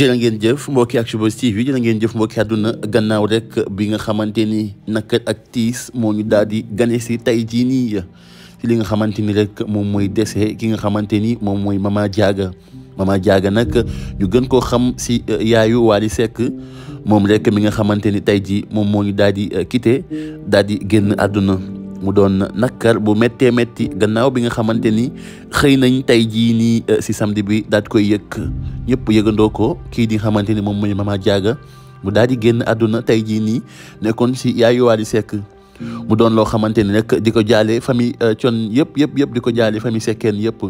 jërë ngeen jëf mbokki ak Actubuzz TV jërë ngeen jëf mbokki àdduna gannaaw rek bi nga xamante ni naka ak tiis moo ñu daal di gane si tey jii nii ci li nga xamante ni rek moom mooy dese ki nga xamante ni moom mooy mamaa Diaga mamaa Diaga nag ñu gën koo xam si eh, yaayu Wally Seck moom rek mi nga xamante ni tey jii moom moo ñu daal di eh, quitté daal di génn àdduna mu doon nakkar bu méttee métti gannaaw bi nga xamante ni xëy nañ tey jii nii euh, si samedi bi daat koy yëg ñëpp yëgandoo ko kii di xamante ni moom mooy Mama Diaga mu daal di àdduna tey jii nii nekkoon si yaayu Wally Seck hmm. mu doon loo xamante ni nag di ko jaale famille euh, Thione yëpp yëpp yëpp di ko jaale famille Seckeen yëpp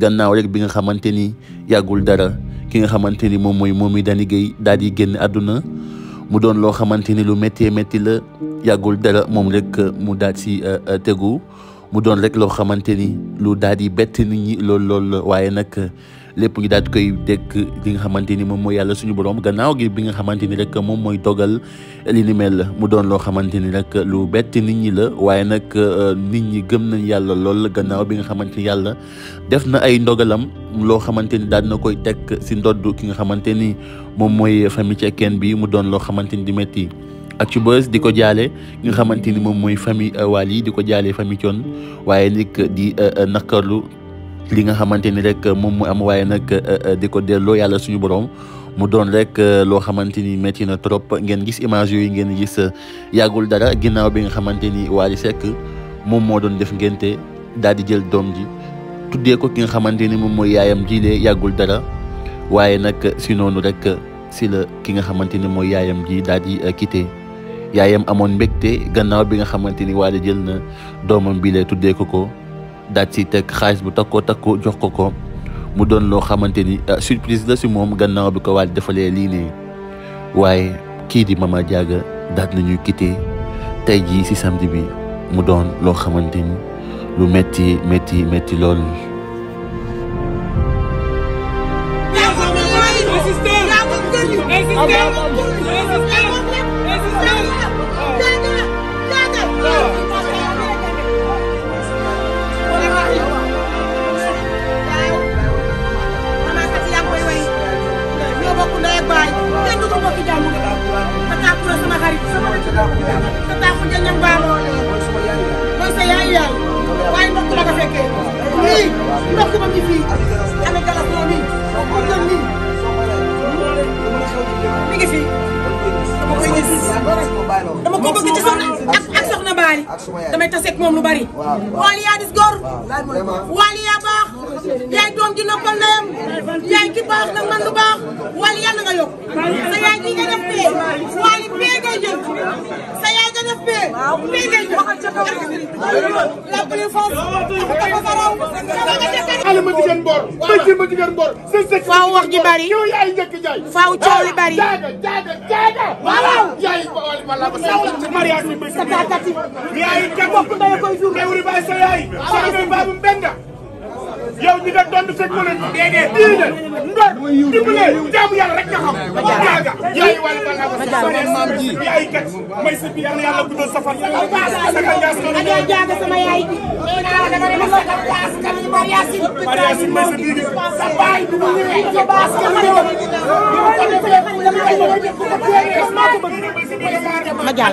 gannaaw rek bi nga xamante ni yàggul dara ki nga xamante ni moom mooy Momy Dany Guèye daal di génn àdduna mu doon loo xamante ni lu méttee métti la yàggul dara moom rek mu daal si euh, euh, tegu mu doon rek loo xamante ni lu daal di bett nit ñi lool lool waaye nag lépp ngi daal di koy dekk li nga xamante ni moom mooy yàlla suñu borom gannaaw gi bi nga xamante ni rek moom mooy dogal li ni la mu doon loo xamante ni rek lu bett nit ñi la waaye nag euh, nit ñi gëm nañ yàlla lool gannaaw bi nga xamante ni yàlla def na ay ndogalam loo xamante ni daal na koy teg si ndodd ki nga xamante ni moom mooy famille Cekkeen mu doon loo xamante ni di métti ak ci Actubuzz di ko jaale nga xamante ni moom mooy waal euh, Wally di ko jaale famille Thione waaye nag di euh, euh, naqarlu li nga xamante ni rek moom mu am waaye nag di ko delloo yàlla suñu borom. mu doon rek loo xamante ni métti na trop ngeen gis image yooyu ngeen gis yàggul dara ginnaaw bi nga xamante ni Wally Seck moom moo doon def ngénte daal di jël doom ji tuddee ko ki nga xamante ni moom mooy yaayam jilee yàggul dara waaye nag si noonu rek si la ki nga xamante ni mooy yaayam ji daal di yaayam amoon mbégte gannaaw bi nga xamante ni waa jël na doomam bi lay tuddee ko ko daat ci teg xaalis bu takkoo takkoo jox ko ko mu doon loo xamante ni ah, surprise la si moom gannaaw bi ko waal defalee lii ne waaye kii di Mama Diaga daat nañuy quitté tey jii si samedi bi mu doon loo xamante ni lu metti metti metti loolu ngi fii ana damay taseeg moom lu bari. waali yaa dis góor waali yaa baax yaay doom ji noppal ndeyam yaay ki baax nag man lu baax waali yàlla nga yokk sa yaay ji nga def fee waali fee ngay jël respect. waaw muy ngay waxal ca kaw. la préférence. xale ma jigéen mboor. bëccëg ma jigéen mboor. faaw wax ji bari. yow yaay njëkk jaay. faaw coow li bari. jaaga jaaga jaaga. waaw yaay wala mariage bi bëccëg. sa tatative. yaay teg bopp ndey koy jur. réew mi bàyyi sa yaay. yow ñi nga doon fekk ko leen diine ngor dimbale jaamu yàlla rek nga xam jaaga yaay wàllu bala ko maam ji yaay kat may sa bi yàlla yàlla guddal sa fan sakal gas ko dañoo jaaga sama yaay nee naa la dama dama sakal gas kan ni mariasi mariasi may sa bi sa baay bu mu ñëwee sa baas kan ni ko ma jàll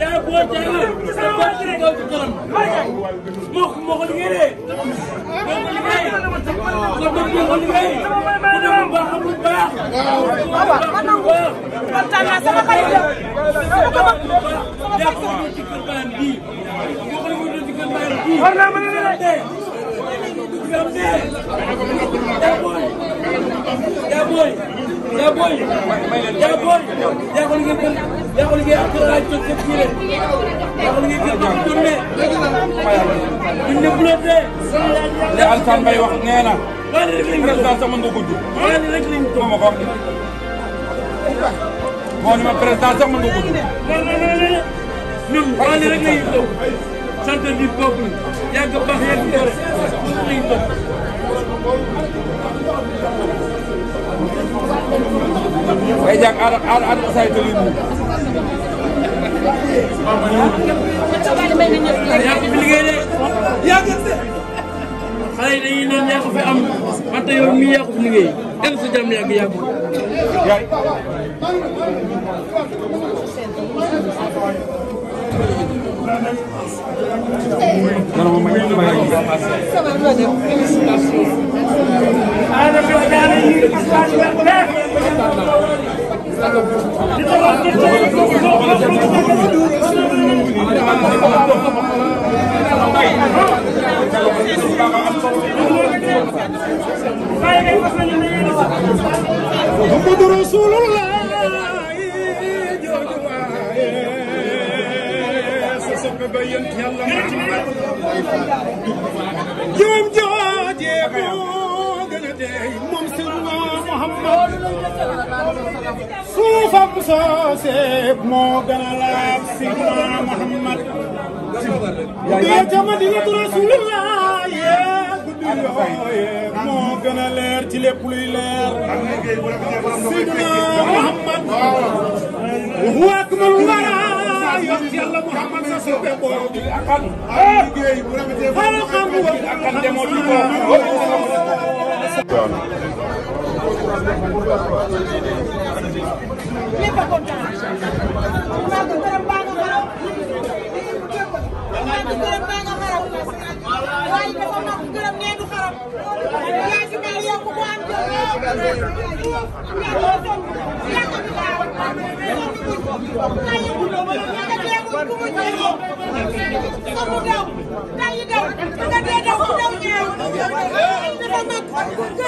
yaa boo jaayee sa bët ci kaw ci kanam moo ko moo ko liggéeyee moo ko liggéeyee sa bët moo ko liggéeyee ku ne mu baax amul baax. kontaan naa sama xarit la sama ko bëgg sama xarit la. yaa ko wutal ci kër baayam bii moo ko wutal ci kër baayam bii. war naa mën a leen dee. yaa booy yaa booy yaa booy yaa booy yaa ko liggéey yaa ko liggéey ak laaj jot jot ci leen yaa ko liggéey ak jot jot ne ñu ne bloqué te Alassane Mbaye wax moo ni ma président sax mën nga ko jur ñun waani rek lañ toog sant du peuple yàgg baax yàgg gore lañ toog Baye Diack xale yi dañuy naan yaa ko fi am wante yow mii yaa ko fi liggéey dem sa jàmm yàgg yàgg yaay Thank you. Jëm jooje moo gën a dey moom seen waa Muhammad suufam sooseeb moo gën a laab Seydina Muhammad yaa ca Madinatu Rasulillah yee guddi yooyee moo gën a leer ci lépp luy leer Seydina Muhammad wa huwa akmalul waraa yoon Yàlla Muhammad sa soppe boo xalqam wa ñëpp a kontaan maa ngi gërëm baa nga xaraw maa ngi gërëm baa nga xaraw waaye dafa mag gërëm nee du xaraw yaa ci mel yow ku ko am jël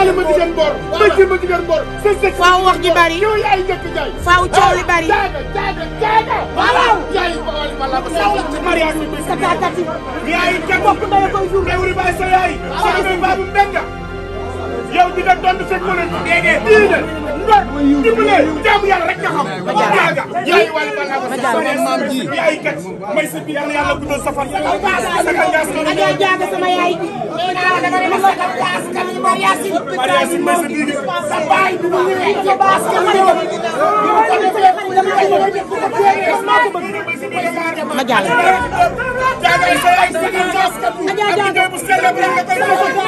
ala ma jigéen mboor. waaw ma jigéen mboor. faaw wax ji bari yow yaay njëkk jaay. faaw coow li ah, bari. jaaga jaaga jaaga. waaw yaay sa taatati. sa yaay. waaw baabu mbénga. yow di nga tontu fekk ko leen. góor dimbale jaamu yàlla rek nga xam. jaaga yaay wàllu balaa ba sa yaay kat may sa bi yàlla yàlla guddal sa fan. yàlla baas a jaaga sama yaay bi. naa la dama ma sakal baas kan mariage mariage may sa bii sa baay bi mu ñëwee sa baas kan la yoon. ma jàll. jaaga sa yaay sa kan baas kan. ma jaaga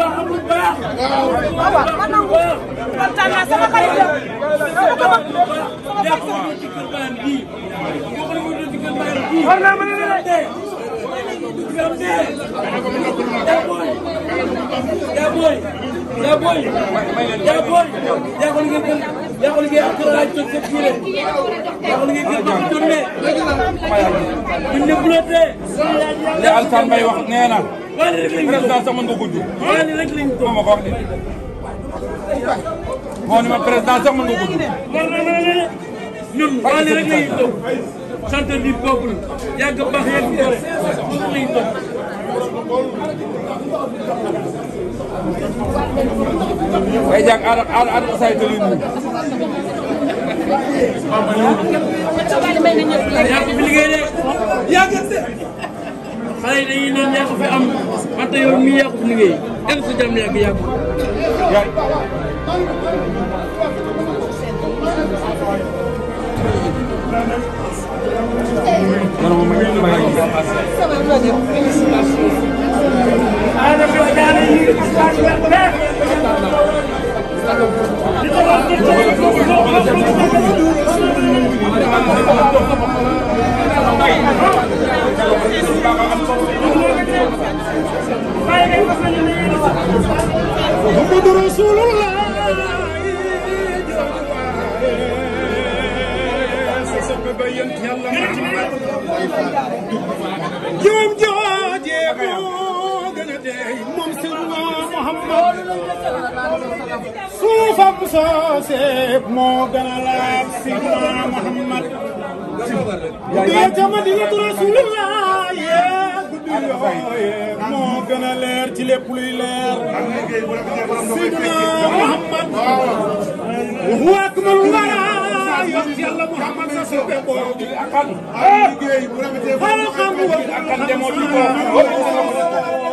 baax amul baax. waaw man nangu kontaan naa sama xarit la. dama ko bëgg sama xarit la. ci kër baayam bii. ci kër baayam bii. war naa mën a la dee. dugam dee. jabooy. jabooy. jabooy. jabooy. jabooy ngeen gën jabooy ngeen ak kër laaj jot sa fiire. jabooy ngeen gën bëgg jot ne. buñ ne bulotee. ne Alassane Mbaye wax nee na. waaye ni rek lañ président sax mën nga ko jur. waaye ni rek lañ ko ma ko wax de. moo ne ma président sax mën nga ko jur. man man man ñun waaye ni rek lañ toog sant du peuple yàgg baax yàgg gore moom lañ toog. waaye jàng aada aada aada saa yu tëdd yu nuyu. waaw man ñëw. yàgg fi liggéey de. xale yi dañuy naan yaa am wante yow mii yaa ko fi liggéey kenn sa jàmm yàgg suufam sooseeb moo gën a laaj Seydina Muhammad dee ca Madinatu Rasulillah yee guddi yooyee moo gën a leer ci lépp luy leer Seydina Muhammad wa huwa akmalul waraa yoon Yàlla Muhammad sa soppe boo di akan xalqan wa